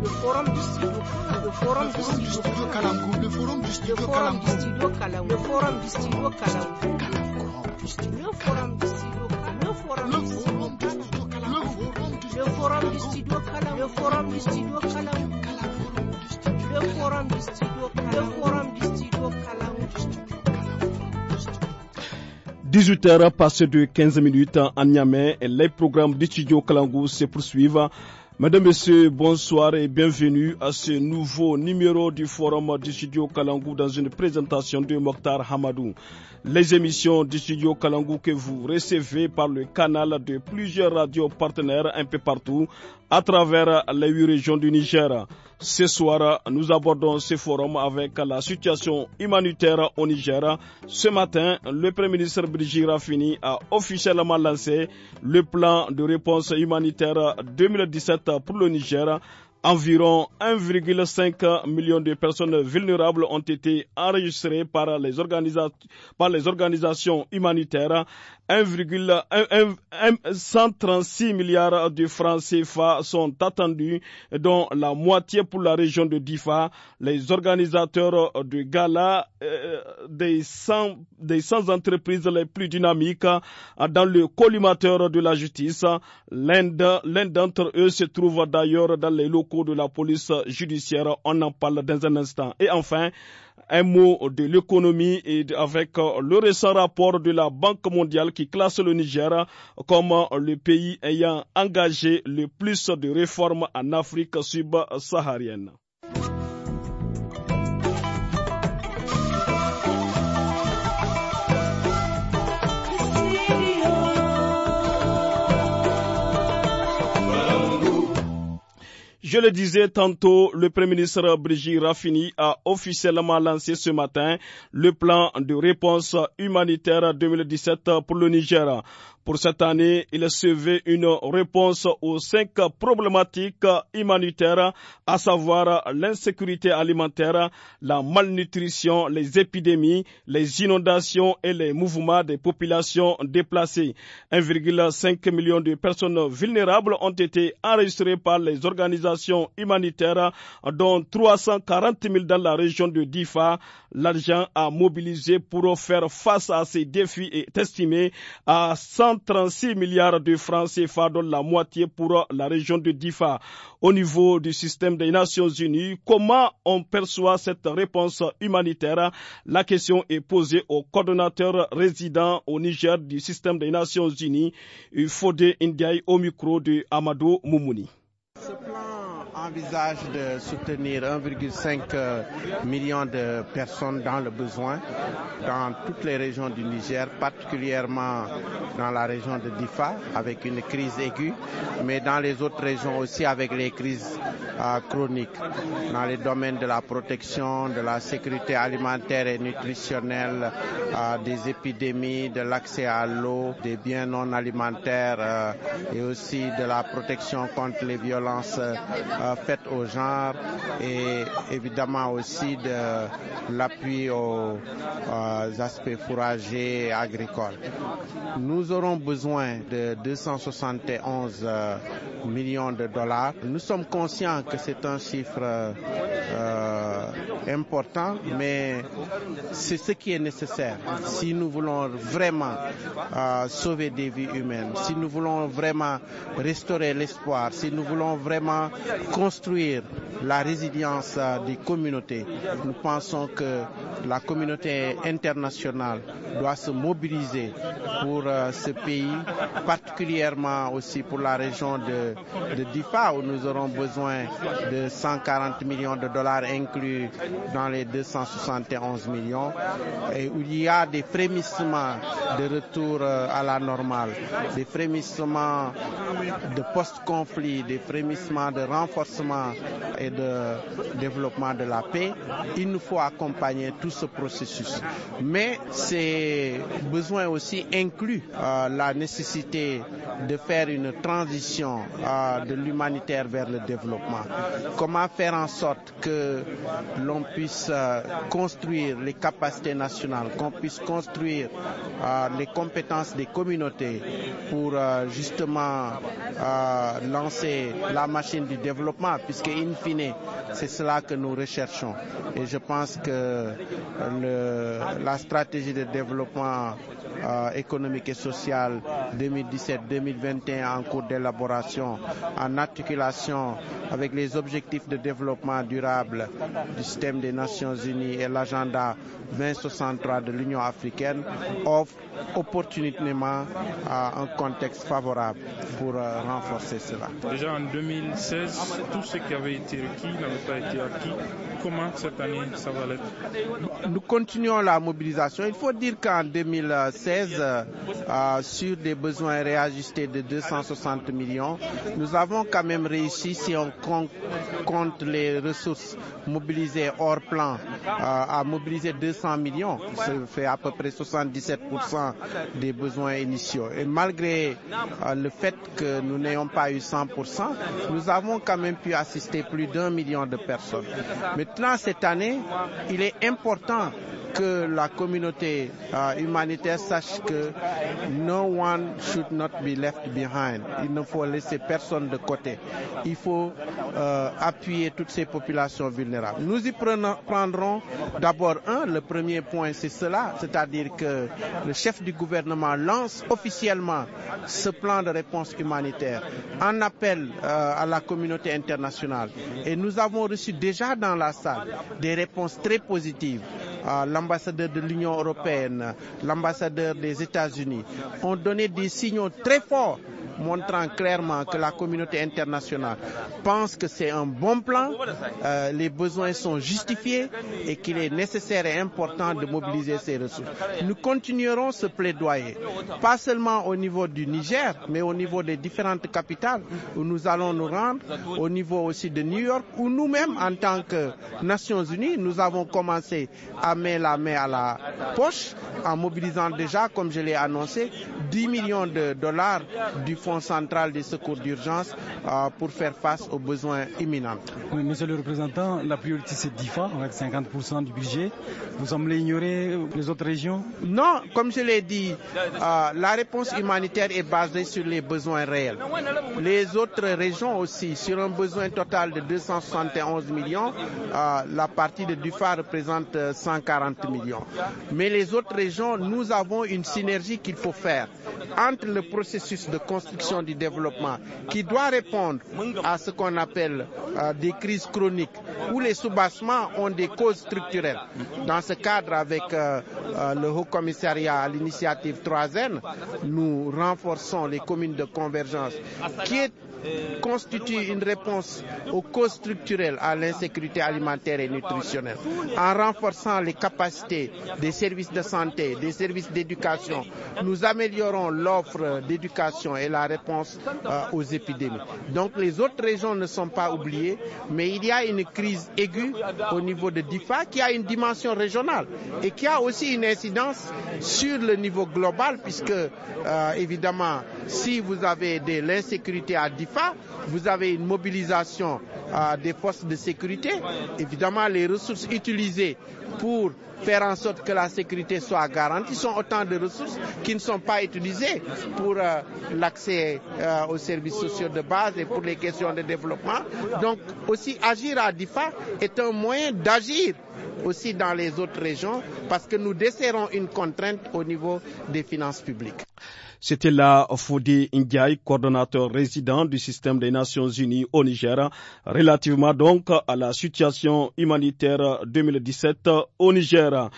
le forum du studio le forum du studio Kalamkou le forum du studio Kalamkou le forum du studio Kalamkou le forum du studio le forum du studio Kalamkou le forum du studio Kalamkou le forum du studio Kalamkou le forum du studio le forum du studio Kalamkou 18h passé de 15 minutes à Niamey, les programmes du studio Kalangou se poursuivent. Mesdames, Messieurs, bonsoir et bienvenue à ce nouveau numéro du Forum du Studio Kalangou dans une présentation de Mokhtar Hamadou. Les émissions du studio Kalangou que vous recevez par le canal de plusieurs radios partenaires un peu partout à travers les huit régions du Niger. Ce soir, nous abordons ce forum avec la situation humanitaire au Niger. Ce matin, le Premier ministre Brigitte Raffini a officiellement lancé le plan de réponse humanitaire 2017 pour le Niger Environ 1,5 million de personnes vulnérables ont été enregistrées par les, par les organisations humanitaires. 136 milliards de francs CFA sont attendus, dont la moitié pour la région de Difa. Les organisateurs de gala euh, des, 100, des 100 entreprises les plus dynamiques euh, dans le collimateur de la justice. L'un d'entre eux se trouve d'ailleurs dans les locaux de la police judiciaire. On en parle dans un instant. Et enfin, un mot de l'économie et avec euh, le récent rapport de la Banque mondiale qui classe le Niger comme euh, le pays ayant engagé le plus de réformes en Afrique subsaharienne. Je le disais tantôt, le Premier ministre Brigitte Raffini a officiellement lancé ce matin le plan de réponse humanitaire 2017 pour le Niger. Pour cette année, il suivait une réponse aux cinq problématiques humanitaires, à savoir l'insécurité alimentaire, la malnutrition, les épidémies, les inondations et les mouvements des populations déplacées. 1,5 million de personnes vulnérables ont été enregistrées par les organisations humanitaires, dont 340 000 dans la région de Difa. L'argent a mobilisé pour faire face à ces défis est estimé à 100 36 milliards de francs CFA, dont la moitié pour la région de Difa. Au niveau du système des Nations Unies, comment on perçoit cette réponse humanitaire La question est posée au coordonnateur résident au Niger du système des Nations Unies, Fode Ndiaye, au micro de Amadou Moumouni envisage de soutenir 1,5 euh, million de personnes dans le besoin dans toutes les régions du Niger, particulièrement dans la région de Difa avec une crise aiguë, mais dans les autres régions aussi avec les crises euh, chroniques, dans les domaines de la protection, de la sécurité alimentaire et nutritionnelle, euh, des épidémies, de l'accès à l'eau, des biens non alimentaires et aussi de la protection contre les violences faite aux genre et évidemment aussi de l'appui aux, euh, aspects fourragers agricoles. Nous aurons besoin de 271 euh, millions de dollars. Nous sommes conscients que c'est un chiffre euh, important, mais c'est ce qui est nécessaire si nous voulons vraiment sauver des vies humaines, si nous voulons vraiment restaurer l'espoir, si nous voulons vraiment construire construire la résilience euh, des communautés. Nous pensons que la communauté internationale doit se mobiliser pour euh, ce pays, particulièrement aussi pour la région de, de Difa où nous aurons besoin de 140 millions de dollars inclus dans les 271 millions et où il y a des frémissements de retour euh, à la normale, des frémissements de post-conflit, des frémissements de renforcement et de développement de la paix, il nous faut accompagner tout ce processus. Mais ces besoins aussi incluent euh, la nécessité de faire une transition euh, de l'humanitaire vers le développement. Comment faire en sorte que l'on puisse euh, construire les capacités nationales, qu'on puisse construire les compétences des communautés pour justement lancer la machine du développement puisque in fine, c'est cela que nous recherchons. Et je pense que la stratégie de développement euh, économique et social 2017-2021 en cours d'élaboration, en articulation avec les objectifs de développement durable du système des Nations Unies et l'agenda 2063 de l'Union africaine, offre opportunément euh, un contexte favorable pour euh, renforcer cela. Déjà en 2016, tout ce qui avait été requis n'avait pas été acquis. Comment cette année ça va l'être Nous continuons la mobilisation. Il faut dire qu'en 2016, euh, sur des besoins réajustés de 260 millions, nous avons quand même réussi, si on compte les ressources mobilisées hors plan, euh, à mobiliser 200 millions. Ça fait à peu près 77% des besoins initiaux. Et malgré euh, le fait que nous n'ayons pas eu 100%, nous avons quand même pu assister plus d'un million de personnes. Maintenant, cette année, il est important que la communauté euh, humanitaire sache que no one should not be left behind. Il ne faut laisser personne de côté. Il faut euh, appuyer toutes ces populations vulnérables. Nous y prendrons d'abord un, le premier point c'est cela, c'est-à-dire que le chef du gouvernement lance officiellement ce plan de réponse humanitaire en appel euh, à la communauté internationale. Et nous avons reçu déjà dans la salle des réponses très positives l'ambassadeur de l'Union européenne, l'ambassadeur des États-Unis, ont donné des signaux très forts montrant clairement que la communauté internationale pense que c'est un bon plan, euh, les besoins sont justifiés et qu'il est nécessaire et important de mobiliser ces ressources. Nous continuerons ce plaidoyer, pas seulement au niveau du Niger, mais au niveau des différentes capitales où nous allons nous rendre, au niveau aussi de New York, où nous-mêmes, en tant que Nations Unies, nous avons commencé à la main à la poche en mobilisant déjà, comme je l'ai annoncé, 10 millions de dollars du Fonds central des secours d'urgence euh, pour faire face aux besoins imminents. monsieur le représentant, la priorité c'est DIFA avec 50% du budget. Vous semblez ignorer les autres régions Non, comme je l'ai dit, euh, la réponse humanitaire est basée sur les besoins réels. Les autres régions aussi, sur un besoin total de 271 millions, euh, la partie de DIFA représente 100 40 millions. Mais les autres régions, nous avons une synergie qu'il faut faire entre le processus de construction du développement qui doit répondre à ce qu'on appelle euh, des crises chroniques où les soubassements ont des causes structurelles. Dans ce cadre, avec euh, euh, le Haut Commissariat à l'initiative 3N, nous renforçons les communes de convergence qui est constitue une réponse aux causes structurelles à l'insécurité alimentaire et nutritionnelle en renforçant les capacités des services de santé, des services d'éducation. Nous améliorons l'offre d'éducation et la réponse euh, aux épidémies. Donc les autres régions ne sont pas oubliées, mais il y a une crise aiguë au niveau de DIFA qui a une dimension régionale et qui a aussi une incidence sur le niveau global puisque euh, évidemment si vous avez de l'insécurité à DIFA, vous avez une mobilisation euh, des forces de sécurité. Évidemment, les ressources utilisées pour faire en sorte que la sécurité soit garantie sont autant de ressources qui ne sont pas utilisées pour euh, l'accès euh, aux services sociaux de base et pour les questions de développement. Donc aussi agir à DIFA est un moyen d'agir aussi dans les autres régions parce que nous desserrons une contrainte au niveau des finances publiques. C'était là Foudi Ndiaye, coordonnateur résident du système des Nations Unies au Niger, relativement donc à la situation humanitaire 2017 au Niger.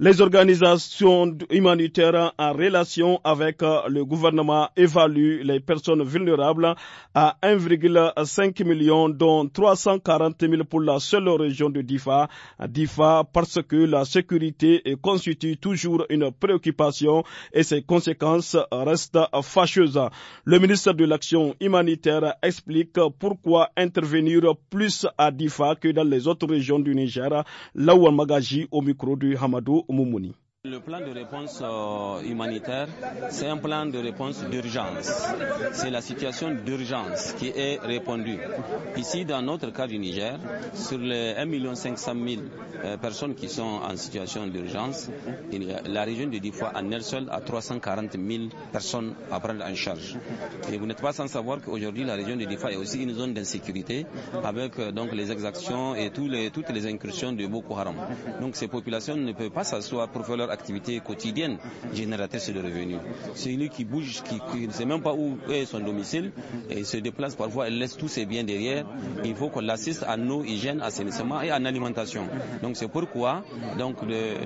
Les organisations humanitaires en relation avec euh, le gouvernement évaluent les personnes vulnérables à 1,5 million, dont 340 000 pour la seule région de Difa. Difa parce que la sécurité constitue toujours une préoccupation et ses conséquences restent fâcheuses. Le ministre de l'Action humanitaire explique pourquoi intervenir plus à Difa que dans les autres régions du Niger. là où on Magaji au micro du Hamadou mummuni Le plan de réponse euh, humanitaire, c'est un plan de réponse d'urgence. C'est la situation d'urgence qui est répondue. Ici, dans notre cas du Niger, sur les 1,5 million de euh, personnes qui sont en situation d'urgence, la région de Diffa en elle seule a 340 000 personnes à prendre en charge. Et vous n'êtes pas sans savoir qu'aujourd'hui, la région de Diffa est aussi une zone d'insécurité avec euh, donc les exactions et toutes les incursions de Boko Haram. Donc ces populations ne peuvent pas s'asseoir pour faire leur activité quotidienne génératrice de revenus. Celui qui bouge, qui, ne sait même pas où est son domicile, et se déplace parfois, elle laisse tous ses biens derrière. Il faut qu'on l'assiste à nos hygiène, assainissement et en alimentation. Donc c'est pourquoi donc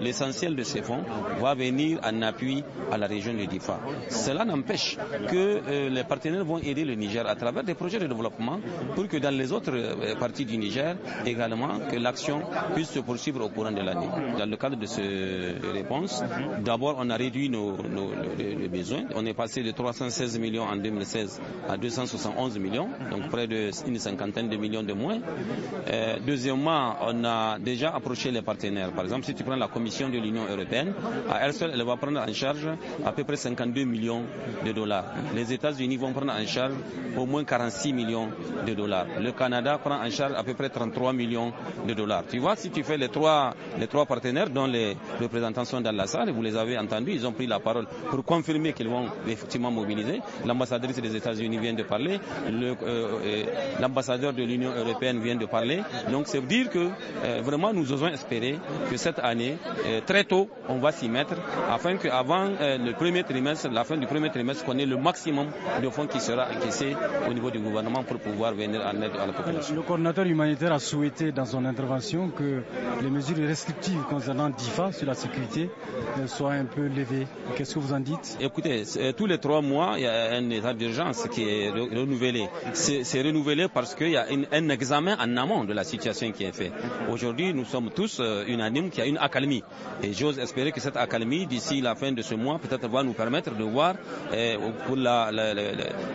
l'essentiel de ces fonds va venir en appui à la région de Difa. Cela n'empêche que euh, les partenaires vont aider le Niger à travers des projets de développement pour que dans les autres euh, parties du Niger également que l'action puisse se poursuivre au courant de l'année. Dans le cadre de ce euh, Mhm. D'abord, on a réduit nos, besoins. On est passé de 316 millions en 2016 à 271 millions, mhm. donc près d'une cinquantaine de millions de moins. Euh, deuxièmement, on a déjà approché les partenaires. Par exemple, si tu prends la Commission de l'Union européenne, à elle seule, elle va prendre en charge à peu près 52 millions de dollars. Les États-Unis vont prendre en charge au moins 46 millions de dollars. Le Canada prend en charge à peu près 33 millions de dollars. Tu vois, si tu fais les trois, les trois partenaires dont les représentants sont dans la salle, vous les avez entendus, ils ont pris la parole pour confirmer qu'ils vont effectivement mobiliser. L'ambassadrice des États-Unis vient de parler, euh, euh, l'ambassadeur de l'Union européenne vient de parler. Donc c'est dire que euh, vraiment nous osons espérer que cette année, très tôt, on va s'y mettre afin qu'avant le premier trimestre, la fin du premier trimestre, qu'on ait le maximum de fonds qui sera encaissé au niveau du gouvernement pour pouvoir venir en aide à la population. Le coordinateur humanitaire a souhaité dans son intervention que les mesures restrictives concernant DIFA sur la sécurité euh, soit un peu levé. Qu'est-ce que vous en dites Écoutez, euh, tous les trois mois, il y a un état d'urgence qui est renouvelé. C'est renouvelé parce qu'il y a un examen en amont de la situation qui est fait. Aujourd'hui, nous sommes tous euh, unanimes qu'il y a une accalmie. Et j'ose espérer que cette accalmie, d'ici la fin de ce mois, peut-être va nous permettre de voir pour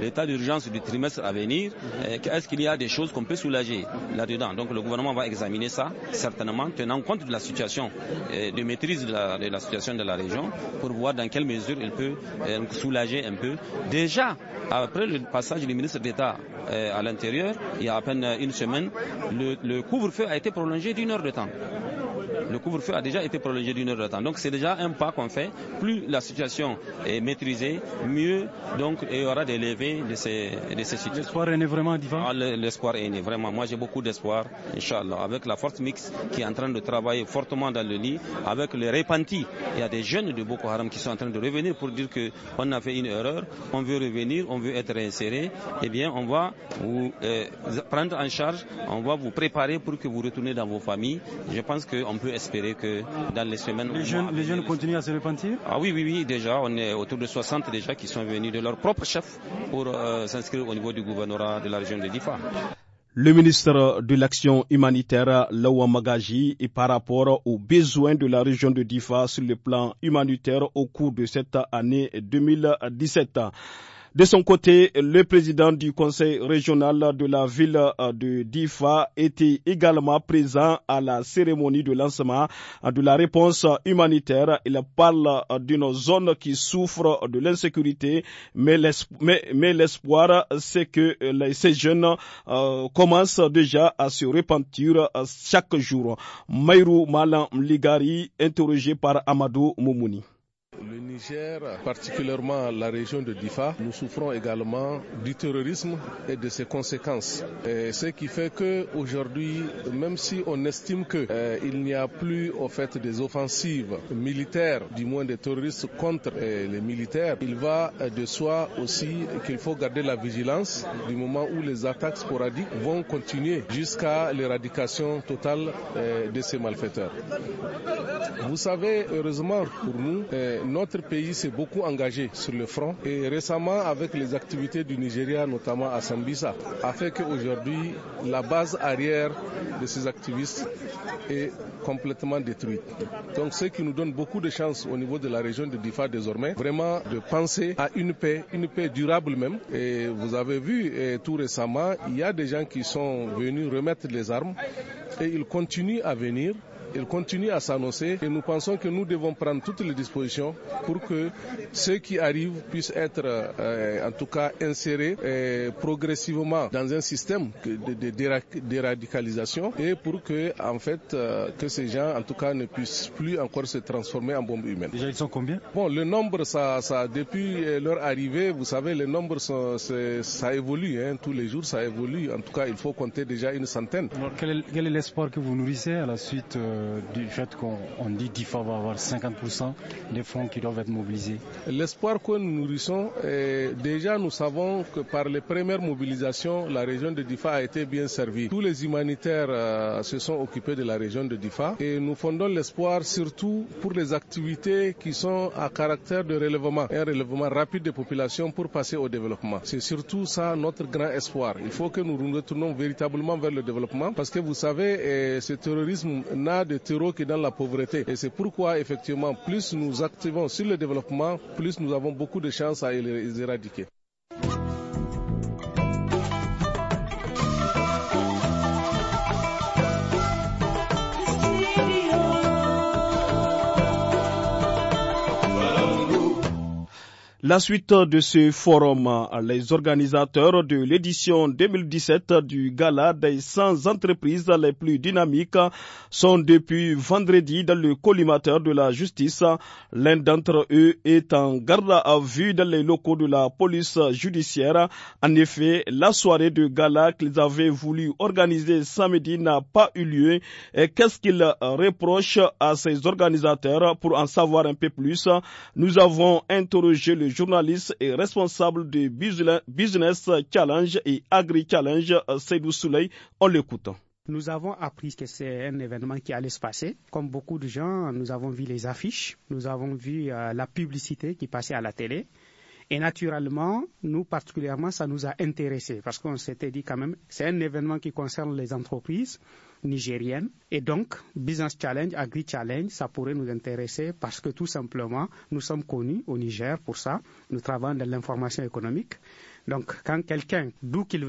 l'état d'urgence du trimestre à venir, est-ce qu'il y a des choses qu'on peut soulager là-dedans. Donc le gouvernement va examiner ça, certainement, tenant compte de la situation de maîtrise de la, de la situation de la région pour voir dans quelle mesure il peut euh, soulager un peu. Déjà, après le passage du ministre d'État euh, à l'intérieur, il y a à peine une semaine, le couvre-feu a été prolongé d'une heure de temps le couvre-feu a déjà été prolongé d'une heure de temps. Donc c'est déjà un pas qu'on fait. Plus la situation est maîtrisée, mieux donc il y aura des levées de ces, situations. L'espoir est né vraiment divin ah, L'espoir est né vraiment. Moi j'ai beaucoup d'espoir, Inch'Allah, avec la force mixte qui est en train de travailler fortement dans le lit, avec les repentis. Il y a des jeunes de Boko Haram qui sont en train de revenir pour dire qu'on a fait une erreur, on veut revenir, on veut être inséré. Eh bien, on va vous euh, prendre en charge, on va vous préparer pour que vous retourniez dans vos familles. Je pense qu'on peut espérer que dans les semaines... Les jeunes, les jeunes continuent à se repentir Ah oui, oui, oui, déjà, on est autour de 60 déjà qui sont venus de leur propre chef pour euh, s'inscrire au niveau du gouvernorat de la région de Difa. Le ministre de l'Action humanitaire, Lawa Magaji, et par rapport aux besoins de la région de Difa sur le plan humanitaire au cours de cette année 2017. De son côté, le président du conseil régional de la ville euh, de Difa était également présent à la cérémonie de lancement de la réponse humanitaire. Il parle euh, d'une zone qui souffre de l'insécurité, mais l'espoir, c'est que euh, ces jeunes commencent déjà à se repentir chaque jour. Mayrou Malam Ligari, interrogé par Amadou Moumouni. Niger, particulièrement la région de Difa, nous souffrons également du terrorisme et de ses conséquences. ce qui fait que aujourd'hui, même si on estime que euh, il n'y a plus au fait des offensives militaires, du moins des terroristes contre euh, les militaires, il va euh, de soi aussi qu'il faut garder la vigilance du moment où les attaques sporadiques vont continuer jusqu'à l'éradication totale de ces malfaiteurs. Vous savez, heureusement pour nous, notre pays s'est beaucoup engagé sur le front et récemment avec les activités du Nigeria, notamment à Sambisa, a fait qu'aujourd'hui, la base arrière de ces activistes est complètement détruite. Donc ce qui nous donne beaucoup de chance au niveau de la région de Difa désormais, vraiment de penser à une paix, une paix durable même. Et vous avez vu tout récemment, il y a des gens qui sont venus remettre les armes et ils continuent à venir il continue à s'annoncer et nous pensons que nous devons prendre toutes les dispositions pour que ceux qui arrivent puissent être euh, en tout cas insérés euh, progressivement dans un système de, déradicalisation et pour que en fait euh, que ces gens en tout cas ne puissent plus encore se transformer en bombes humaines. Déjà ils sont combien Bon le nombre ça ça depuis leur arrivée vous savez le nombre ça, ça évolue hein, tous les jours ça évolue en tout cas il faut compter déjà une centaine. Alors, quel est l'espoir que vous nourrissez à la suite euh, du fait qu'on dit Difa va avoir 50% des fonds qui doivent être mobilisés. L'espoir que nous nourrissons, déjà nous savons que par les premières mobilisations, la région de Difa a été bien servie. Tous les humanitaires euh, se sont occupés de la région de Difa et nous fondons l'espoir surtout pour les activités qui sont à caractère de relèvement, un relèvement rapide des populations pour passer au développement. C'est surtout ça notre grand espoir. Il faut que nous nous retournions véritablement vers le développement parce que vous savez, eh, ce terrorisme n'a de terreau qui dans la pauvreté. Et c'est pourquoi, effectivement, plus nous activons sur le développement, plus nous avons beaucoup de chances à les éradiquer. La suite de ce forum, les organisateurs de l'édition 2017 du Gala des 100 entreprises les plus dynamiques sont depuis vendredi dans le collimateur de la justice. L'un d'entre eux est en garde à vue dans les locaux de la police judiciaire. En effet, la soirée de gala qu'ils avaient voulu organiser samedi n'a pas eu lieu. Qu'est-ce qu'ils reprochent à ces organisateurs pour en savoir un peu plus? Nous avons interrogé le journaliste et responsable du Business Challenge et Agri Challenge, Seydou Souley. On l'écoute. Nous avons appris que c'est un événement qui allait se passer. Comme beaucoup de gens, nous avons vu les affiches, nous avons vu euh, la publicité qui passait à la télé. Et naturellement, nous particulièrement, ça nous a intéressés parce qu'on s'était dit quand même, c'est un événement qui concerne les entreprises nigérienne. Et donc, Business Challenge, Agri Challenge, ça pourrait nous intéresser parce que tout simplement, nous sommes connus au Niger pour ça. Nous travaillons dans l'information économique. Donc, quand quelqu'un, d'où qu'il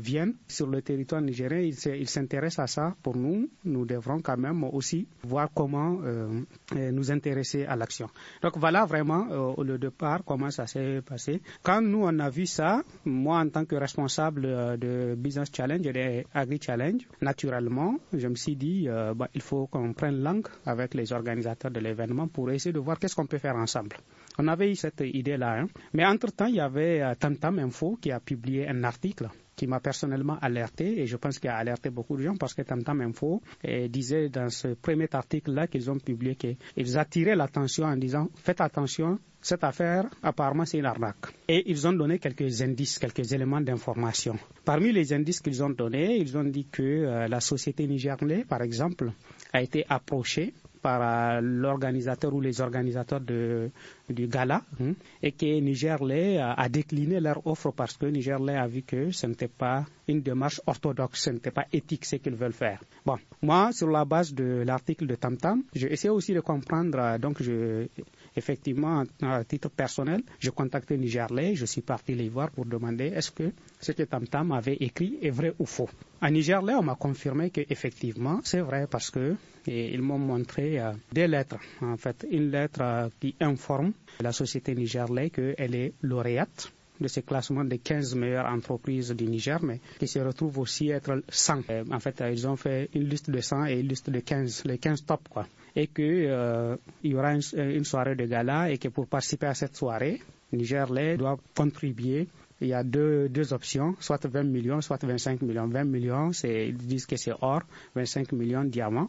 vienne, sur le territoire nigérien, il s'intéresse à ça, pour nous, nous devrons quand même aussi voir comment euh, euh, nous intéresser à l'action. Donc, voilà vraiment euh, le départ, comment ça s'est passé. Quand nous, on a vu ça, moi, en tant que responsable euh, de Business Challenge et de Agri Challenge, naturellement, je me suis dit, bah, il faut qu'on prenne langue avec les organisateurs de l'événement pour essayer de voir qu'est-ce qu'on peut faire ensemble. On avait eu cette idée-là. Hein. Mais entre-temps, il y avait euh, Tantam Info qui a publié un article qui m'a personnellement alerté et je pense qu'il a alerté beaucoup de gens parce que Tantam Info euh, disait dans ce premier article-là qu'ils ont publié qu'ils attiraient l'attention en disant faites attention, cette affaire apparemment c'est une arnaque. Et ils ont donné quelques indices, quelques éléments d'information. Parmi les indices qu'ils ont donnés, ils ont dit que euh, la société Nigernais, par exemple, a été approchée par euh, l'organisateur ou les organisateurs du gala hein, et que Nigerlais euh, a, décliné leur offre parce que Nigerlais a vu que ce n'était pas une démarche orthodoxe, ce n'était pas éthique ce qu'ils veulent faire. Bon, moi, sur la base de l'article de Tamtam, j'ai essayé aussi de comprendre, euh, donc je, Effectivement, à titre personnel, je contacté Nigerlais, je suis parti les voir pour demander est-ce que ce que Tam Tam avait écrit est vrai ou faux. À Nigerlais, on m'a confirmé qu'effectivement, c'est vrai parce que ils m'ont montré euh, des lettres. En fait, une lettre euh, qui informe la société Nigerlais qu'elle est lauréate de ce classement des 15 meilleures entreprises du Niger, mais qui se retrouve aussi être 100. Euh, en fait, ils ont fait une liste de 100 et une liste de 15, les 15 top, quoi et qu'il euh, y aura euh, une, soirée de gala et que pour participer à cette soirée, Nigerlais doit contribuer. Il y a deux, deux options, soit 20 millions, soit 25 millions. 20 millions, ils disent que c'est or, 25 millions diamants.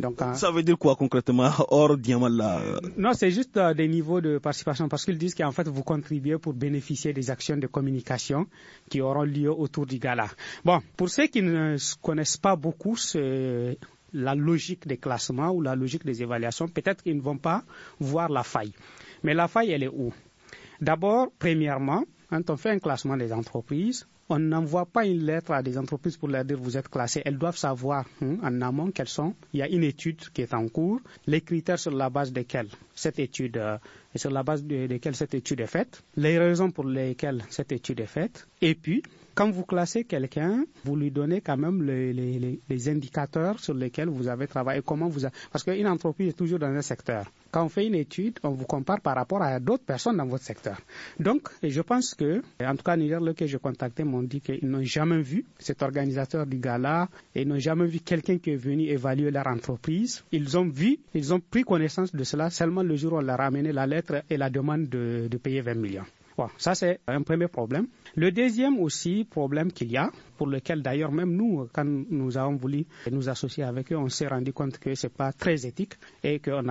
Donc, ça veut dire quoi concrètement or, diamant là euh? Non, c'est juste euh, des niveaux de participation parce qu'ils disent qu'en fait vous contribuez pour bénéficier des actions de communication qui auront lieu autour du gala. Bon, pour ceux qui ne connaissent pas beaucoup ce la logique des classements ou la logique des évaluations, peut-être qu'ils ne vont pas voir la faille. Mais la faille, elle est où D'abord, premièrement, quand on fait un classement des entreprises, on n'envoie pas une lettre à des entreprises pour leur dire vous êtes classé. Elles doivent savoir hein, en amont quelles sont. Il y a une étude qui est en cours, les critères sur la base desquels cette étude euh, sur la base desquels cette étude est faite, les raisons pour lesquelles cette étude est faite, et puis quand vous classez quelqu'un, vous lui donnez quand même les, indicateurs sur lesquels vous avez travaillé, comment vous parce qu'une entreprise est toujours dans un secteur. Quand on fait une étude, on vous compare par rapport à d'autres personnes dans votre secteur. Donc, je pense que, en tout cas, Niger, le que j'ai contacté m'ont dit qu'ils n'ont jamais vu cet organisateur du gala et n'ont jamais vu quelqu'un qui est venu évaluer leur entreprise. Ils ont vu, ils ont pris connaissance de cela seulement le jour où on leur a ramené la lettre et la demande de, de payer 20 millions ça, c'est un premier problème. Le deuxième aussi problème qu'il y a, pour lequel d'ailleurs même nous, quand nous avons voulu nous associer avec eux, on s'est rendu compte que ce n'est pas très éthique et qu'on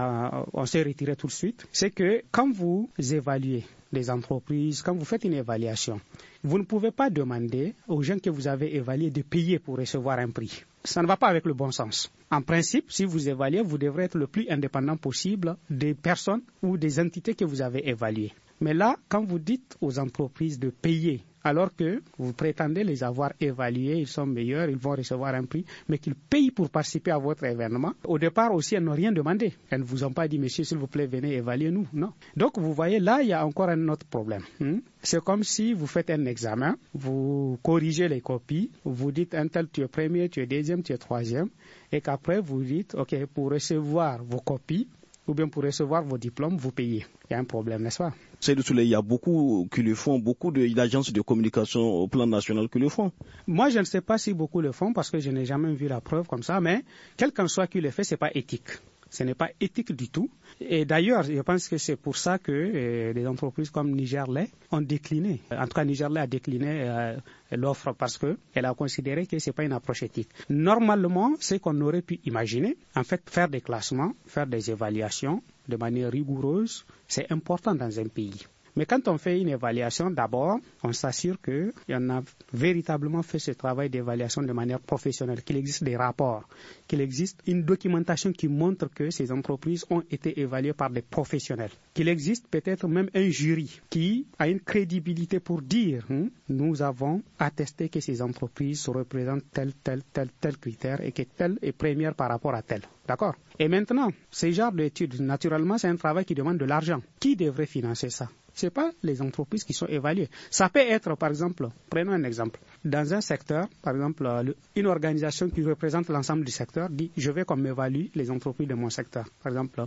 on s'est retiré tout de suite. C'est que quand vous évaluez des entreprises, quand vous faites une évaluation, vous ne pouvez pas demander aux gens que vous avez évalués de payer pour recevoir un prix. Ça ne va pas avec le bon sens. En principe, si vous évaluez, vous devrez être le plus indépendant possible des personnes ou des entités que vous avez évaluées. Mais là, quand vous dites aux entreprises de payer, alors que vous prétendez les avoir évalués, ils sont meilleurs, ils vont recevoir un prix, mais qu'ils payent pour participer à votre événement. Au départ aussi, elles n'ont rien demandé. Elles ne vous ont pas dit, monsieur, s'il vous plaît, venez évaluer nous. Non. Donc, vous voyez, là, il y a encore un autre problème. Hmm? C'est comme si vous faites un examen, vous corrigez les copies, vous dites un tel, tu es premier, tu es deuxième, tu es troisième, et qu'après, vous dites, OK, pour recevoir vos copies, ou bien pour recevoir vos diplômes, vous payez. Il y a un problème, n'est-ce pas C'est de Il y a beaucoup qui le font, beaucoup d'agences de, communication au plan national qui le font. Moi, je ne sais pas si beaucoup le font parce que je n'ai jamais vu la preuve comme ça, mais quel qu'en soit qui le fait, ce n'est pas éthique. Ce n'est pas éthique du tout. Et d'ailleurs, je pense que c'est pour ça que des euh, entreprises comme Nigerlay ont décliné. En tout cas, Nigerlay a décliné euh, l'offre parce qu'elle a considéré que ce n'est pas une approche éthique. Normalement, ce qu'on aurait pu imaginer, en fait, faire des classements, faire des évaluations de manière rigoureuse, c'est important dans un pays. Mais quand on fait une évaluation, d'abord, on s'assure qu'on a véritablement fait ce travail d'évaluation de manière professionnelle, qu'il existe des rapports, qu'il existe une documentation qui montre que ces entreprises ont été évaluées par des professionnels, qu'il existe peut-être même un jury qui a une crédibilité pour dire hein, nous avons attesté que ces entreprises représentent tel, tel, tel, tel critère et que tel est première par rapport à tel. D'accord Et maintenant, ces genres d'études, naturellement, c'est un travail qui demande de l'argent. Qui devrait financer ça ce pas les entreprises qui sont évaluées. Ça peut être, par exemple, prenons un exemple. Dans un secteur, par exemple, euh, une organisation qui représente l'ensemble du secteur dit je veux qu'on m'évalue les entreprises de mon secteur. Par exemple, euh,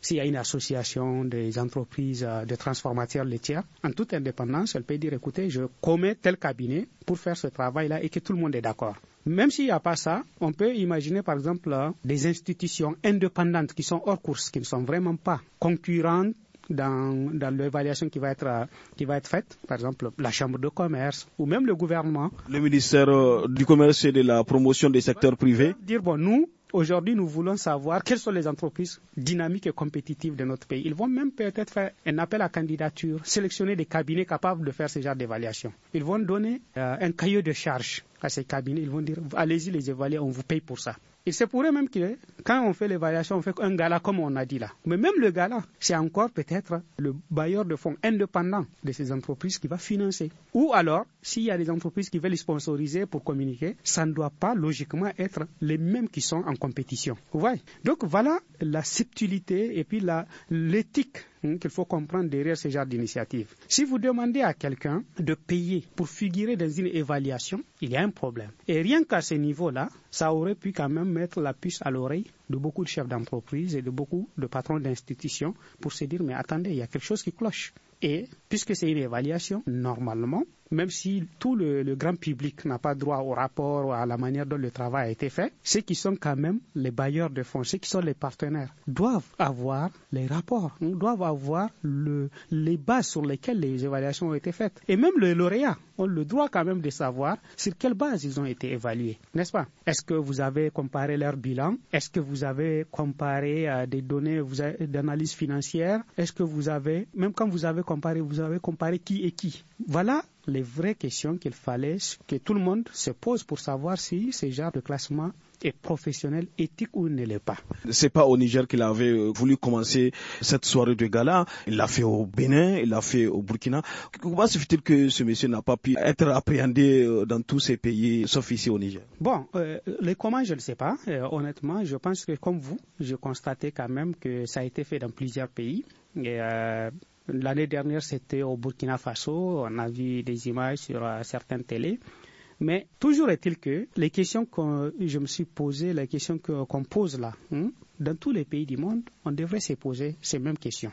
s'il y a une association des entreprises euh, de transformateurs laitières, en toute indépendance, elle peut dire écoutez, je commets tel cabinet pour faire ce travail-là et que tout le monde est d'accord. Même s'il n'y a pas ça, on peut imaginer par exemple des institutions indépendantes qui sont hors course, qui ne sont vraiment pas concurrentes dans, dans l'évaluation qui va être qui va être faite, par exemple la chambre de commerce ou même le gouvernement. Le ministère euh, du commerce et de la promotion des secteurs privés. Euh, dire bon, nous aujourd'hui nous voulons savoir quelles sont les entreprises dynamiques et compétitives de notre pays. Ils vont même peut-être faire un appel à candidature, sélectionner des cabinets capables de faire ce genre d'évaluation. Ils vont donner euh, un cahier de charges à ces cabinets, ils vont dire allez-y les évaluer, on vous paye pour ça. Il se pourrait même que quand on fait l'évaluation, on fait un gala comme on a dit là. Mais même le gala, c'est encore peut-être le bailleur de fonds indépendant de ces entreprises qui va financer. Ou alors, s'il y a des entreprises qui veulent les sponsoriser pour communiquer, ça ne doit pas logiquement être les mêmes qui sont en compétition. Vous voyez Donc voilà la subtilité et puis l'éthique Hein, qu'il faut comprendre derrière ce genre d'initiative. Si vous demandez à quelqu'un de payer pour figurer dans une évaluation, il y a un problème. Et rien qu'à ce niveau-là, ça aurait pu quand même mettre la puce à l'oreille de beaucoup de chefs d'entreprise et de beaucoup de patrons d'institutions pour se dire mais attendez, il y a quelque chose qui cloche. Et puisque c'est une évaluation, normalement, même si tout le, grand public n'a pas droit au rapport ou à la manière dont le travail a été fait, ceux qui sont quand même les bailleurs de fonds, ceux qui sont les partenaires, doivent avoir les rapports, hein, doivent avoir le, les bases sur lesquelles les évaluations ont été faites. Et même les lauréats ont le droit quand même de savoir sur quelle base ils ont été évalués, n'est-ce pas Est-ce que vous avez comparé leur bilan Est-ce que vous avez comparé à euh, des données d'analyse financière Est-ce que vous avez, même quand vous avez comparé, vous avez comparé qui et qui Voilà les vraies questions qu'il fallait que tout le monde se pose pour savoir si ce genre de classement est professionnel, éthique ou ne l'est pas. C'est pas au Niger qu'il avait euh, voulu commencer cette soirée de gala. Il l'a fait au Bénin, il l'a fait au Burkina. Comment se fait-il que ce monsieur n'a pas pu être appréhendé euh, dans tous ces pays, sauf ici au Niger Bon, euh, les comment, je ne sais pas. honnêtement, je pense que comme vous, je constatais quand même que ça a été fait dans plusieurs pays. Et, L'année dernière, c'était au Burkina Faso. On a vu des images sur euh, certaines télés. Mais toujours est-il que les questions que je me suis posées, les questions qu'on pose là, hein, dans tous les pays du monde, on devrait se poser ces mêmes questions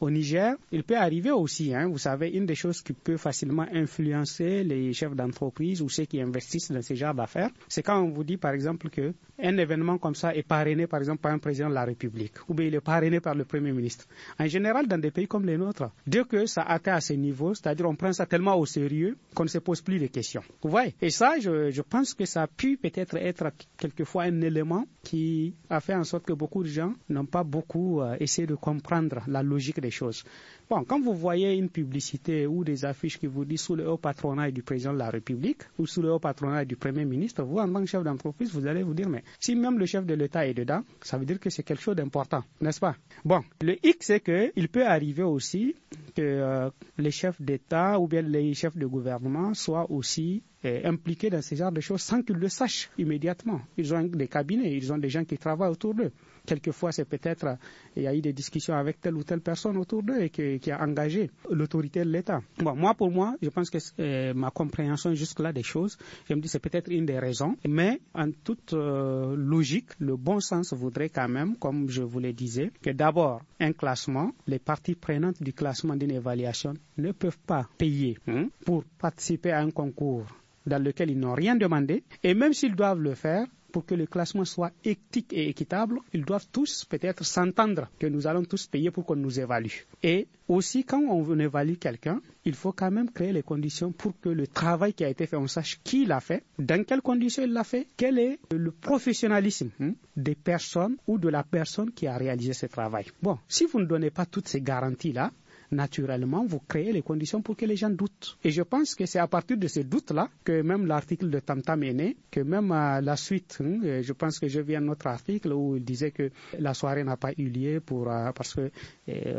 au Niger, il peut arriver aussi, hein, vous savez, une des choses qui peut facilement influencer les chefs d'entreprise ou ceux qui investissent dans ce genre d'affaires, c'est quand on vous dit par exemple que un événement comme ça est parrainé par exemple par un président de la République ou bien il est parrainé par le Premier ministre. En général, dans des pays comme les nôtres, dès que ça atteint à ce niveau, c'est-à-dire on prend ça tellement au sérieux qu'on ne se pose plus de questions. Vous voyez Et ça, je, pense que ça a pu peut-être être quelquefois un élément qui a fait en sorte que beaucoup de gens n'ont pas beaucoup euh, essayé de comprendre la logique des choses. Bon, quand vous voyez une publicité ou des affiches qui vous disent sous le haut patronat du président de la République ou sous le haut patronat du Premier ministre, vous, en tant que chef d'entreprise, vous allez vous dire, mais si même le chef de l'État est dedans, ça veut dire que c'est quelque chose d'important, n'est-ce pas Bon, le X c'est qu'il peut arriver aussi que euh, les chefs d'État ou bien les chefs de gouvernement soient aussi impliqués dans ce genre de choses sans qu'ils le sachent immédiatement. Ils ont des cabinets, ils ont des gens qui travaillent autour d'eux. Quelquefois, c'est peut-être il y a eu des discussions avec telle ou telle personne autour d'eux et qui, a engagé l'autorité de l'État. moi, pour moi, je pense que euh, ma compréhension jusque-là des choses, je me dis c'est peut-être une des raisons, mais en toute euh, logique, le bon sens voudrait quand même, comme je vous le disais, que d'abord un classement, les parties prenantes du classement d'une évaluation ne peuvent pas payer mmh. pour participer à un concours dans lequel ils n'ont rien demandé. Et même s'ils doivent le faire, pour que le classement soit éthique et équitable, ils doivent tous peut-être s'entendre que nous allons tous payer pour qu'on nous évalue. Et aussi, quand on évalue quelqu'un, il faut quand même créer les conditions pour que le travail qui a été fait, on sache qui l'a fait, dans quelles conditions il l'a fait, quel est le professionnalisme hein, des personnes ou de la personne qui a réalisé ce travail. Bon, si vous ne donnez pas toutes ces garanties-là, naturellement, vous créez les conditions pour que les gens doutent. Et je pense que c'est à partir de ces doutes-là que même l'article de Tamtam est né, que même euh, la suite, hein, euh, je pense que je viens de notre article où il disait que la soirée n'a pas eu lieu pour, euh, parce que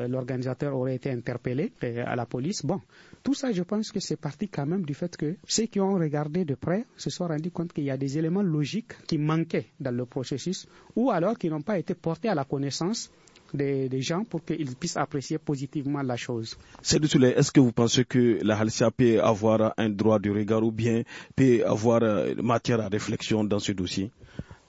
l'organisateur aurait été interpellé à la police. Bon, tout ça, je pense que c'est parti quand même du fait que ceux qui ont regardé de près se sont rendus compte qu'il y a des éléments logiques qui manquaient dans le processus ou alors qui n'ont pas été portés à la connaissance des, gens pour qu'ils puissent apprécier positivement la chose. C'est est-ce que vous pensez que la Halsia peut avoir un droit de regard ou bien peut avoir euh, matière à réflexion dans ce dossier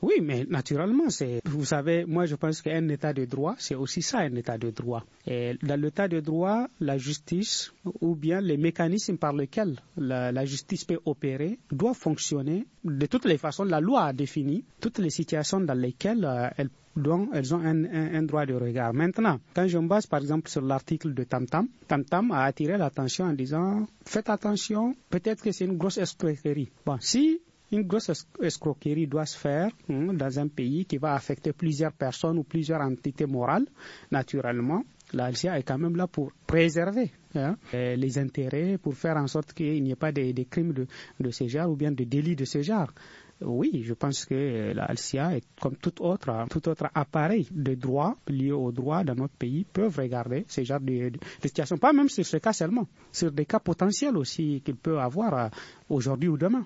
oui, mais naturellement, c'est, vous savez, moi je pense qu'un état de droit, c'est aussi ça, un état de droit. Et dans l'état de droit, la justice ou bien les mécanismes par lesquels la, la, justice peut opérer doit fonctionner. De toutes les façons, la loi a défini toutes les situations dans lesquelles euh, donc elles ont un, un, droit de regard. Maintenant, quand je me base par exemple sur l'article de Tamtam, Tamtam a attiré l'attention en disant faites attention, peut-être que c'est une grosse escroquerie. Bon, si une grosse escroquerie doit se faire hein, dans un pays qui va affecter plusieurs personnes ou plusieurs entités morales, naturellement, l'ALCIA est quand même là pour préserver hein, euh, les intérêts, pour faire en sorte qu'il n'y ait pas des, crimes de, de, ce genre ou bien de délits de ce genre. Oui, je pense que euh, l'Alcia est comme hein, tout autre, appareil de droit lié au droit dans notre pays peuvent regarder ce genre de, de, situation, pas même sur ce cas seulement, sur des cas potentiels aussi qu'il peut avoir euh, aujourd'hui ou demain.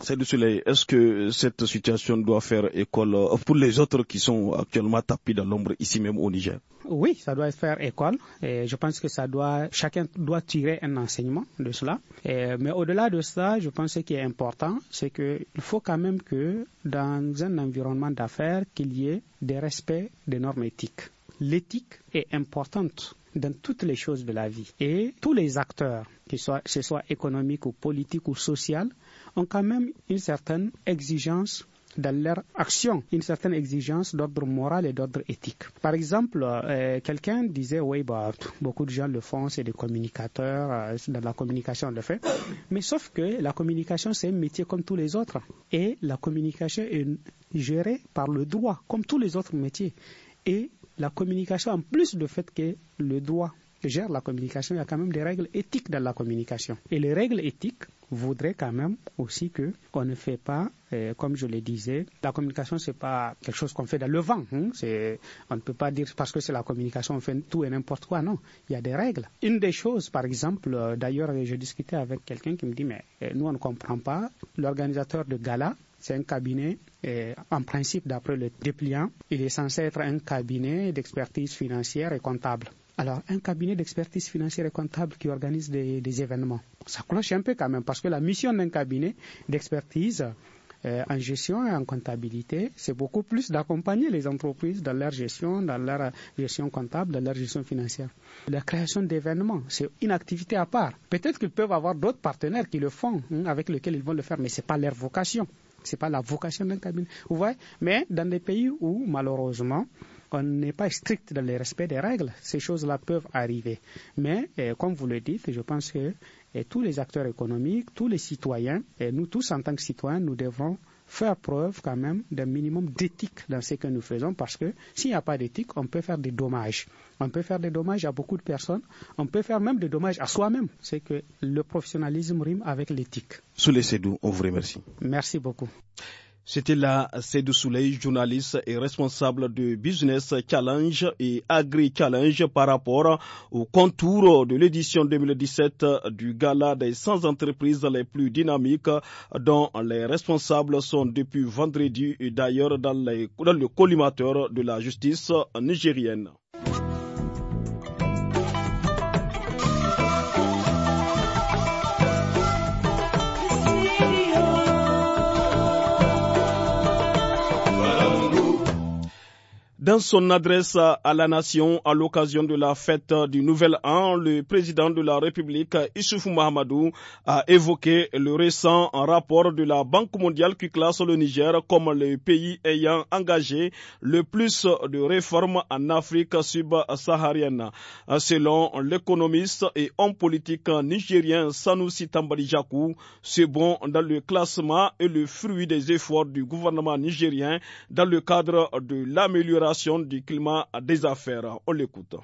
C'est du soleil. Est-ce que cette situation doit faire école euh, pour les autres qui sont actuellement tapis dans l'ombre ici même au Niger Oui, ça doit faire école. Et je pense que ça doit, chacun doit tirer un enseignement de cela. mais au-delà de ça, je pense que ce qui est important, c'est qu'il faut quand même que dans un environnement d'affaires, qu'il y ait des respects des normes éthiques. L'éthique est importante dans toutes les choses de la vie. Et tous les acteurs, que ce soit, économique ou politique ou social, ont quand même une certaine exigence dans leur action, une certaine exigence d'ordre moral et d'ordre éthique. Par exemple, euh, quelqu'un disait, oui, bah, beaucoup de gens le font, c'est des communicateurs, euh, dans la communication on le fait. Mais sauf que la communication, c'est un métier comme tous les autres. Et la communication est gérée par le droit, comme tous les autres métiers. Et la communication, en plus du fait que le droit gère la communication, il y a quand même des règles éthiques dans la communication. Et les règles éthiques voudraient quand même aussi que on ne fait pas, euh, comme je le disais, la communication c'est pas quelque chose qu'on fait dans le vent. Hein. c'est, on ne peut pas dire parce que c'est la communication on fait tout et n'importe quoi. Non, il y a des règles. Une des choses, par exemple, euh, d'ailleurs, j'ai discuté avec quelqu'un qui me dit mais euh, nous on ne comprend pas l'organisateur de gala c'est un cabinet, en principe, d'après le dépliant, il est censé être un cabinet d'expertise financière et comptable. Alors, un cabinet d'expertise financière et comptable qui organise des, des, événements, ça cloche un peu quand même, parce que la mission d'un cabinet d'expertise euh, en gestion et en comptabilité, c'est beaucoup plus d'accompagner les entreprises dans leur gestion, dans leur gestion comptable, dans leur gestion financière. La création d'événements, c'est une activité à part. Peut-être qu'ils peuvent avoir d'autres partenaires qui le font, hein, avec lesquels ils vont le faire, mais ce n'est pas leur vocation. Ce n'est pas la vocation d'un cabinet. Vous voyez Mais dans des pays où, malheureusement, on n'est pas strict dans le respect des règles. Ces choses-là peuvent arriver. Mais eh, comme vous le dites, je pense que eh, tous les acteurs économiques, tous les citoyens, et eh, nous tous en tant que citoyens, nous devons faire preuve quand même d'un minimum d'éthique dans ce que nous faisons parce que s'il n'y a pas d'éthique, on peut faire des dommages. On peut faire des dommages à beaucoup de personnes, on peut faire même des dommages à soi-même. C'est que le professionnalisme rime avec l'éthique. Sous les on vous remercie. Merci beaucoup. C'était là Cédou Souley, journaliste et responsable de Business Challenge et Agri Challenge par rapport au contour de l'édition 2017 du Gala des 100 entreprises les plus dynamiques dont les responsables sont depuis vendredi et d'ailleurs dans, dans le collimateur de la justice nigérienne. Dans son adresse à la nation à l'occasion de la fête du Nouvel An, le président de la République, Issoufou Mahamadou, a évoqué le récent rapport de la Banque mondiale qui classe le Niger comme le pays ayant engagé le plus de réformes en Afrique subsaharienne. Selon l'économiste et homme politique nigérien Sanusi Tambalijakou, ce bon dans le classement est le fruit des efforts du gouvernement nigérien dans le cadre de l'amélioration du climat à des affaires. On l'écoute.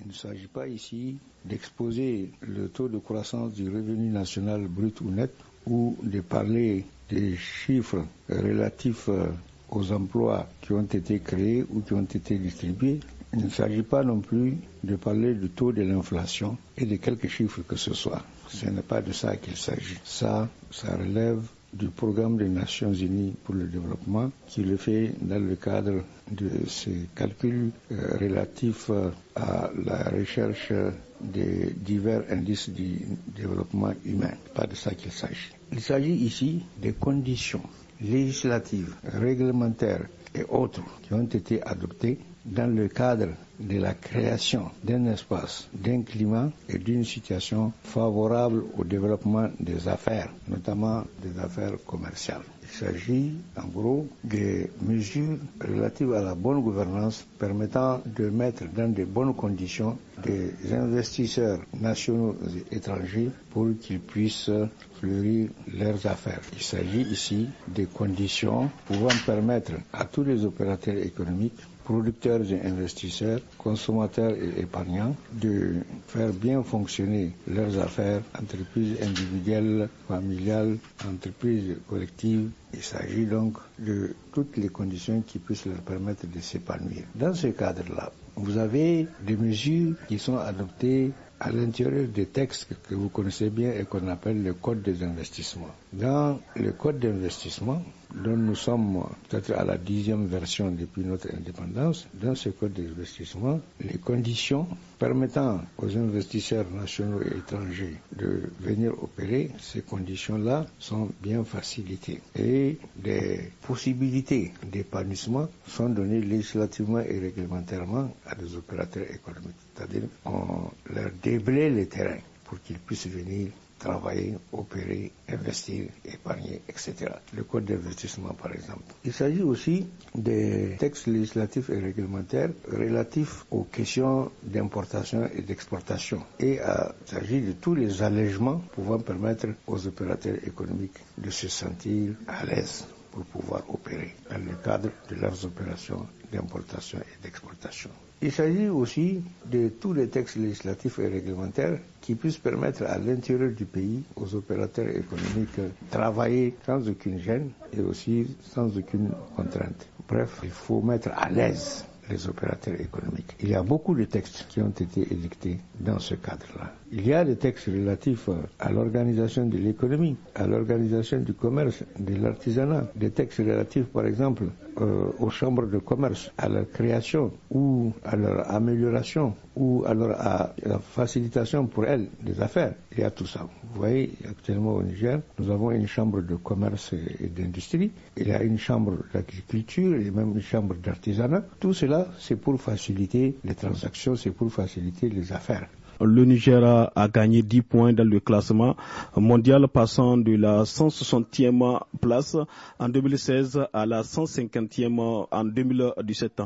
Il ne s'agit pas ici d'exposer le taux de croissance du revenu national brut ou net ou de parler des chiffres relatifs euh, aux emplois qui ont été créés ou qui ont été distribués. Il ne s'agit pas non plus de parler du taux de l'inflation et de quelques chiffres que ce soit. Ce n'est pas de ça qu'il s'agit. Ça, ça relève du programme des Nations Unies pour le développement qui le fait dans le cadre de ses calculs euh, relatifs euh, à la recherche des divers indices du développement humain. Pas de ça qu'il s'agit. Il s'agit ici des conditions législatives, réglementaires et autres qui ont été adoptées dans le cadre de la création d'un espace, d'un climat et d'une situation favorable au développement des affaires, notamment des affaires commerciales. Il s'agit en gros des mesures relatives à la bonne gouvernance permettant de mettre dans de bonnes conditions des investisseurs nationaux et étrangers pour qu'ils puissent fleurir leurs affaires. Il s'agit ici des conditions pouvant permettre à tous les opérateurs économiques producteurs et investisseurs, consommateurs et épargnants, de faire bien fonctionner leurs affaires, entreprises individuelles, familiales, entreprises collectives. Il s'agit donc de toutes les conditions qui puissent leur permettre de s'épanouir. Dans ce cadre-là, vous avez des mesures qui sont adoptées à l'intérieur des textes que vous connaissez bien et qu'on appelle le code des investissements. Dans le code investissements dont nous sommes peut-être à la dixième version depuis notre indépendance, dans ce code d'investissement, les conditions permettant aux investisseurs nationaux et étrangers de venir opérer, ces conditions-là sont bien facilitées. Et des possibilités d'épanouissement sont données législativement et réglementairement à des opérateurs économiques. C'est-à-dire qu'on leur déblaye le terrain pour qu'ils puissent venir travailler, opérer, investir, épargner, etc. Le code d'investissement, par exemple. Il s'agit aussi des textes législatifs et réglementaires relatifs aux questions d'importation et d'exportation. Et euh, il s'agit de tous les allègements pouvant permettre aux opérateurs économiques de se sentir à l'aise pour pouvoir opérer dans le cadre de leurs opérations d'importation et d'exportation. Il s'agit aussi de tous les textes législatifs et réglementaires qui puissent permettre à l'intérieur du pays, aux opérateurs économiques, de travailler sans aucune gêne et aussi sans aucune contrainte. Bref, il faut mettre à l'aise les opérateurs économiques. Il y a beaucoup de textes qui ont été édictés dans ce cadre-là. Il y a des textes relatifs à l'organisation de l'économie, à l'organisation du commerce, de l'artisanat, des textes relatifs par exemple euh, aux chambres de commerce, à leur création ou à leur amélioration ou alors à la facilitation pour elles des affaires. Il y a tout ça. Vous voyez, actuellement au Niger, nous avons une chambre de commerce et d'industrie, il y a une chambre d'agriculture et même une chambre d'artisanat. Tout cela, c'est pour faciliter les transactions, c'est pour faciliter les affaires. Le Niger a gagné 10 points dans le classement mondial, passant de la 160e place en 2016 à la 150e en 2017.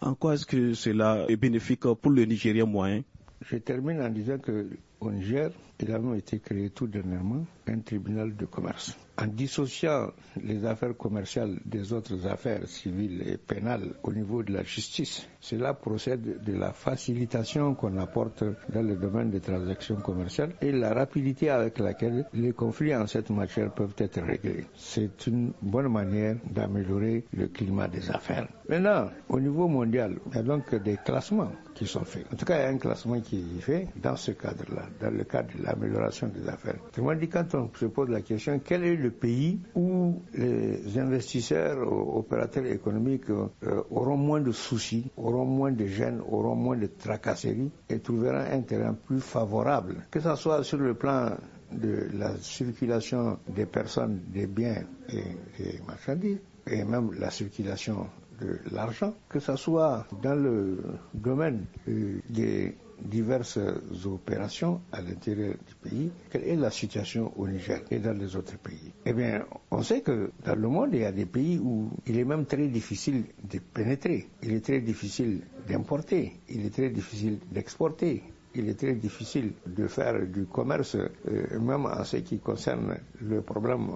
En quoi est-ce que cela est bénéfique pour le Nigérien moyen Je termine en disant que au Niger, il a été créé tout dernièrement un tribunal de commerce en dissociant les affaires commerciales des autres affaires civiles et pénales au niveau de la justice. Cela procède de la facilitation qu'on apporte dans le domaine des transactions commerciales et la rapidité avec laquelle les conflits en cette matière peuvent être réglés. C'est une bonne manière d'améliorer le climat des affaires. Maintenant, au niveau mondial, il y a donc des classements qui sont faits. En tout cas, il y a un classement qui est fait dans ce cadre-là, dans le cadre de l'amélioration des affaires. monde dit, quand on se pose la question, quel est le pays où les investisseurs, euh, opérateurs économiques euh, auront moins de soucis, auront moins de gênes, auront moins de tracasseries et trouveront un terrain plus favorable, que ce soit sur le plan de la circulation des personnes, des biens et des marchandises, et même la circulation de l'argent, que ce soit dans le domaine euh, des diverses opérations à l'intérieur du pays, quelle est la situation au Niger et dans les autres pays Eh bien, on sait que dans le monde, il y a des pays où il est même très difficile de pénétrer, il est très difficile d'importer, il est très difficile d'exporter il est très difficile de faire du commerce, euh, même en ce qui concerne le problème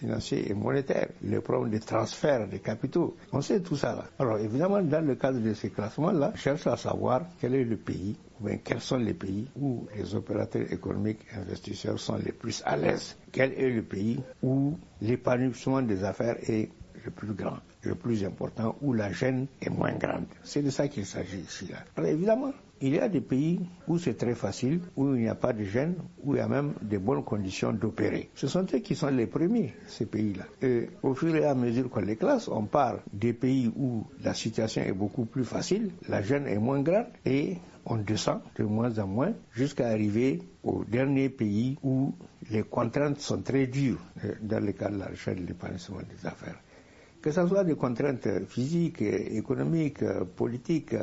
financier et monétaire, le problème des transferts de capitaux. On sait tout ça. Là. Alors évidemment, dans le cadre de ces classements-là, cherche à savoir quel est le pays, ou bien quels sont les pays où les opérateurs économiques et investisseurs sont les plus à l'aise, quel est le pays où l'épanouissement des affaires est le plus grand le plus important où la gêne est moins grande. C'est de ça qu'il s'agit ici. Là. évidemment, il y a des pays où c'est très facile, où il n'y a pas de gêne, où il y a même de bonnes conditions d'opérer. Ce sont eux qui sont les premiers, ces pays-là. Et au fur et à mesure qu'on les classe, on part des pays où la situation est beaucoup plus facile, la gêne est moins grande et on descend de moins en moins jusqu'à arriver au dernier pays où les contraintes sont très dures euh, dans le cadre de la recherche de l'épanouissement des affaires que ce soit des contraintes physiques, économiques, politiques,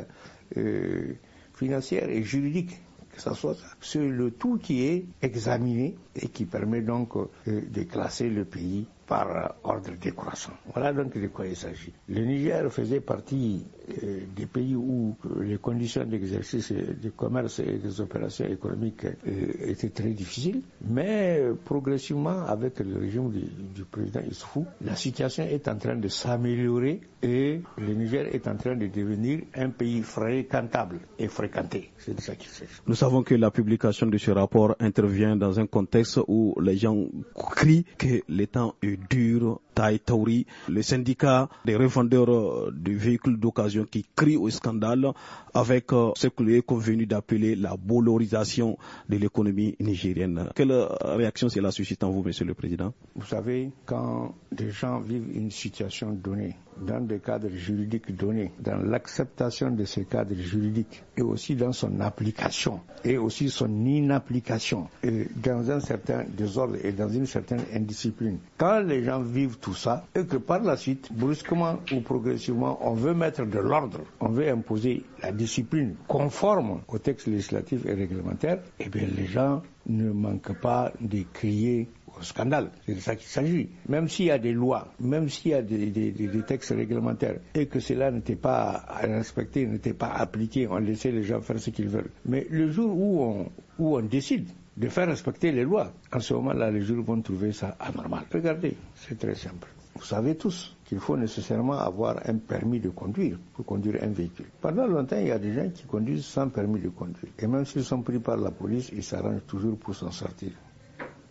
euh, financières et juridiques, que ce soit sur le tout qui est examiné et qui permet donc euh, de classer le pays par ordre décroissant. Voilà donc de quoi il s'agit. Le Niger faisait partie euh, des pays où euh, les conditions d'exercice du commerce et des opérations économiques euh, étaient très difficiles, mais progressivement, avec le régime du, président Issoufou, la situation est en train de s'améliorer et le Niger est en train de devenir un pays fréquentable et fréquenté. C'est de ça qu'il s'agit. Nous savons que la publication de ce rapport intervient dans un contexte où les gens crient que les temps dur, taï tauri, le syndicat des revendeurs euh, de véhicules d'occasion qui crie au scandale avec euh, ce que l'on est convenu d'appeler la bolorisation de l'économie nigérienne. Quelle euh, réaction cela suscite en vous, Monsieur le Président Vous savez, quand des gens vivent une situation donnée, dans des cadres juridiques donnés, dans l'acceptation de ces cadres juridiques et aussi dans son application et aussi son inapplication et dans un certain désordre et dans une certaine indiscipline. Quand les gens vivent tout ça et que par la suite, brusquement ou progressivement, on veut mettre de l'ordre, on veut imposer la discipline conforme au texte législatif et réglementaire, eh bien les gens ne manquent pas de crier scandale. C'est de ça qu'il s'agit. Même s'il y a des lois, même s'il y a des, textes réglementaires et que cela n'était pas respecté, n'était pas appliqué, on laissait les gens faire ce qu'ils veulent. Mais le jour où on, où on décide de faire respecter les lois, en ce moment-là, les gens vont trouver ça anormal. Regardez, c'est très simple. Vous savez tous qu'il faut nécessairement avoir un permis de conduire pour conduire un véhicule. Pendant longtemps, il y a des gens qui conduisent sans permis de conduire. Et même s'ils sont pris par la police, ils s'arrangent toujours pour s'en sortir,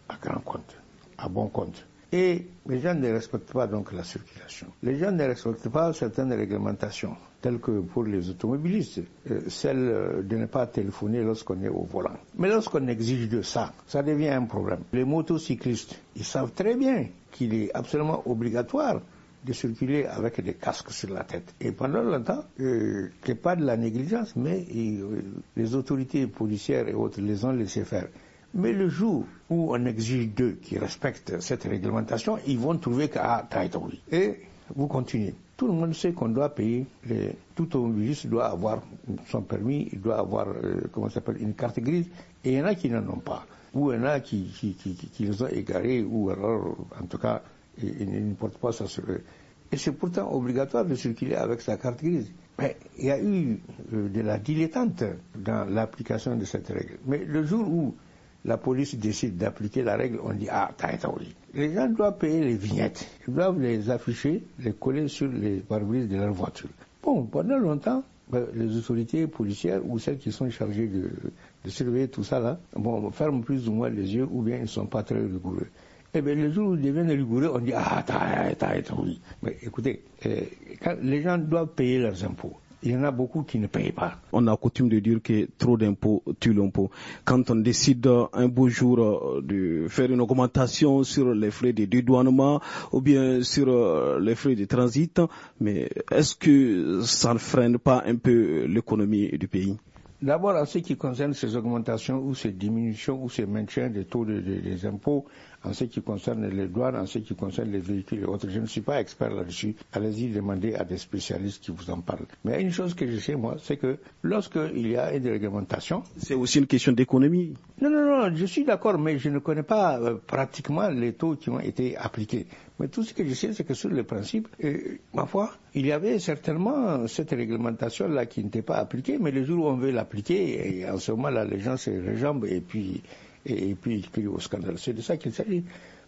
à grand compte à bon compte. Et les gens ne respectent pas donc la circulation. Les gens ne respectent pas certaines réglementations, telles que pour les automobilistes, euh, celle euh, de ne pas téléphoner lorsqu'on est au volant. Mais lorsqu'on exige de ça, ça devient un problème. Les motocyclistes, ils savent très bien qu'il est absolument obligatoire de circuler avec des casques sur la tête. Et pendant longtemps, euh, ce n'est pas de la négligence, mais euh, les autorités policières et autres les ont laissés faire. Mais le jour où on exige d'eux qui respectent cette réglementation, ils vont trouver qu'à Taïtaoui. Et vous continuez. Tout le monde sait qu'on doit payer. tout automobiliste doit avoir son permis, il doit avoir euh, comment s'appelle une carte grise. Et il y en a qui n'en ont pas. Ou il y en a qui, qui, les ont égarés, ou alors, en tout cas, ils, ils ne portent pas ça sur eux. Et c'est pourtant obligatoire de circuler avec sa carte grise. Mais il y a eu euh, de la dilettante dans l'application de cette règle. Mais le jour où la police décide d'appliquer la règle, on dit Ah, t'as Les gens doivent payer les vignettes. Ils doivent les afficher, les coller sur les pare de leur voiture. Bon, pendant longtemps, ben, les autorités policières ou celles qui sont chargées de, de surveiller tout ça là, bon, ferment plus ou moins les yeux ou bien ils ne sont pas très rigoureux. Eh bien, les jours où ils deviennent rigoureux, on dit Ah, t'as Mais écoutez, eh, quand les gens doivent payer leurs impôts il y en a beaucoup qui ne payent pas. On a coutume de dire que trop d'impôts tuent l'impôt. Quand on décide un beau jour euh, de faire une augmentation sur les frais de dédouanement ou bien sur euh, les frais de transit, mais est-ce que ça ne freine pas un peu l'économie du pays D'abord, en ce qui concerne ces augmentations ou ces diminutions ou ces maintiens des taux des impôts, en ce qui concerne les douanes, en ce qui concerne les véhicules et autres. Je ne suis pas expert là-dessus. Allez-y demander à des spécialistes qui vous en parlent. Mais une chose que je sais, moi, c'est que lorsqu'il y a une réglementation... C'est aussi une question d'économie. Non, non, non, je suis d'accord, mais je ne connais pas euh, pratiquement les taux qui ont été appliqués. Mais tout ce que je sais, c'est que sur le principe, euh, ma foi, il y avait certainement cette réglementation-là qui n'était pas appliquée, mais le jour où on veut l'appliquer, en ce moment-là, les gens se rejambent et puis et, puis il crie au scandale. C'est de ça qu'il s'agit.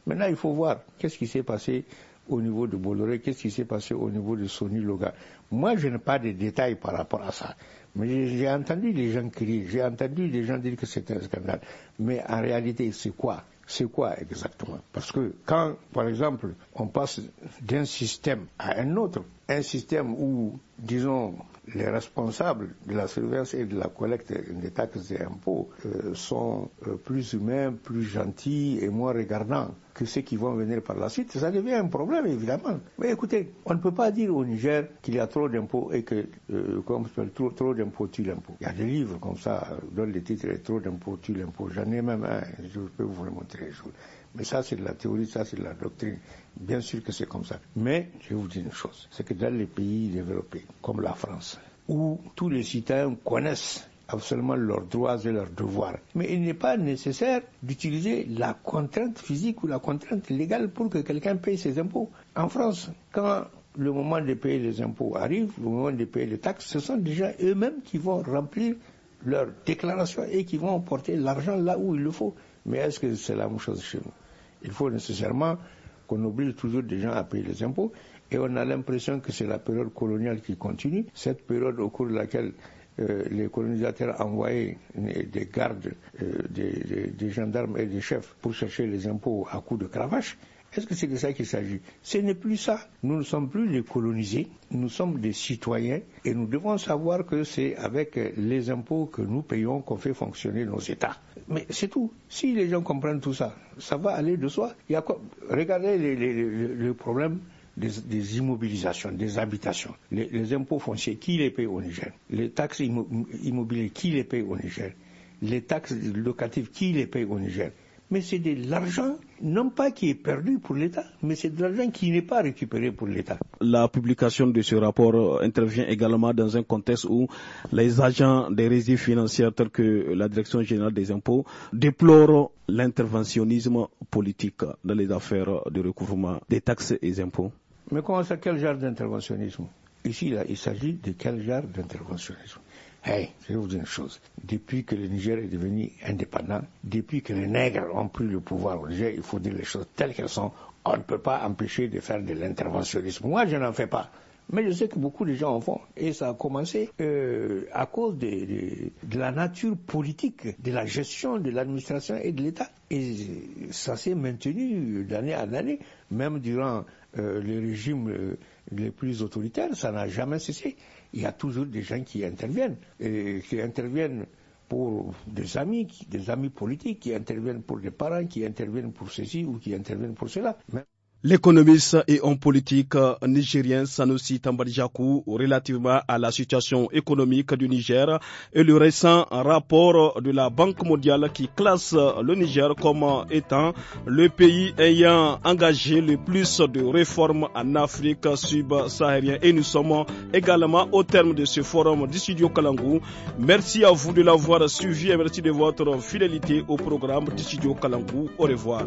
Maintenant, il faut voir qu'est-ce qui s'est passé au niveau de Bolloré, qu'est-ce qui s'est passé au niveau de Sony Loga. Moi, je n'ai pas de détails par rapport à ça. Mais j'ai entendu les gens crier, j'ai entendu les gens dire que c'était un scandale. Mais en réalité, c'est quoi C'est quoi exactement Parce que quand, par exemple, on passe d'un système à un autre, un système où, disons, les responsables de la surveillance et de la collecte des taxes et impôts euh, sont euh, plus humains, plus gentils et moins regardants que ceux qui vont venir par la suite, ça devient un problème évidemment. Mais écoutez, on ne peut pas dire au Niger qu'il y a trop d'impôts et que on euh, comme trop, trop d'impôts tue l'impôt. Il y a des livres comme ça dont le titre est Trop d'impôts tue l'impôt. J'en ai même un, je peux vous le montrer. Mais ça, c'est de la théorie, ça, c'est de la doctrine. Bien sûr que c'est comme ça. Mais je vais vous dire une chose, c'est que dans les pays développés, comme la France, où tous les citoyens connaissent absolument leurs droits et leurs devoirs. Mais il n'est pas nécessaire d'utiliser la contrainte physique ou la contrainte légale pour que quelqu'un paye ses impôts. En France, quand le moment de payer les impôts arrive, le moment de payer les taxes, ce sont déjà eux-mêmes qui vont remplir leur déclaration et qui vont porter l'argent là où il le faut. Mais est-ce que c'est la même chose chez nous il faut nécessairement qu'on oblige toujours des gens à payer les impôts. Et on a l'impression que c'est la période coloniale qui continue, cette période au cours de laquelle euh, les colonisateurs envoyaient des gardes, euh, des, des, gendarmes et des chefs pour chercher les impôts à coups de cravache. Est-ce que c'est de ça qu'il s'agit Ce n'est plus ça. Nous ne sommes plus les colonisés, nous sommes des citoyens et nous devons savoir que c'est avec les impôts que nous payons qu'on fait fonctionner nos États. Mais c'est tout. Si les gens comprennent tout ça, ça va aller de soi. Regardez le problème des, immobilisations, des habitations, les, impôts fonciers, qui les paye au Niger Les taxes immobilières, qui les paye au Niger Les taxes locatives, qui les paye au Niger mais c'est de l'argent, non pas qui est perdu pour l'État, mais c'est de l'argent qui n'est pas récupéré pour l'État. La publication de ce rapport euh, intervient également dans un contexte où les agents des résidus financières tels que la Direction générale des impôts déplorent l'interventionnisme politique dans les affaires de recouvrement des taxes et des impôts. Mais comment ça, quel genre d'interventionnisme Ici, il s'agit de quel genre d'interventionnisme Hey, je vais vous dire une chose. Depuis que le Niger est devenu indépendant, depuis que les nègres ont pris le pouvoir au Niger, il faut dire les choses telles qu'elles sont. On ne peut pas empêcher de faire de l'interventionnisme. Moi, je n'en fais pas. Mais je sais que beaucoup de gens en font. Et ça a commencé euh, à cause de, de, la nature politique, de la gestion de l'administration et de l'État. Et ça s'est maintenu d'année en année, même durant euh, les régimes euh, les plus autoritaires, ça n'a jamais cessé il y a toujours des gens qui interviennent, qui interviennent pour des amis, des amis politiques, qui interviennent pour des parents, qui interviennent pour ceci ou qui interviennent pour cela. L'économiste et homme politique nigérien Sanusi Tambadjakou relativement à la situation économique du Niger et le récent rapport de la Banque mondiale qui classe le Niger comme étant le pays ayant engagé le plus de réformes en Afrique subsaharienne. Et nous sommes également au terme de ce forum du studio Kalangou. Merci à vous de l'avoir suivi et merci de votre fidélité au programme du studio Kalangou. Au revoir.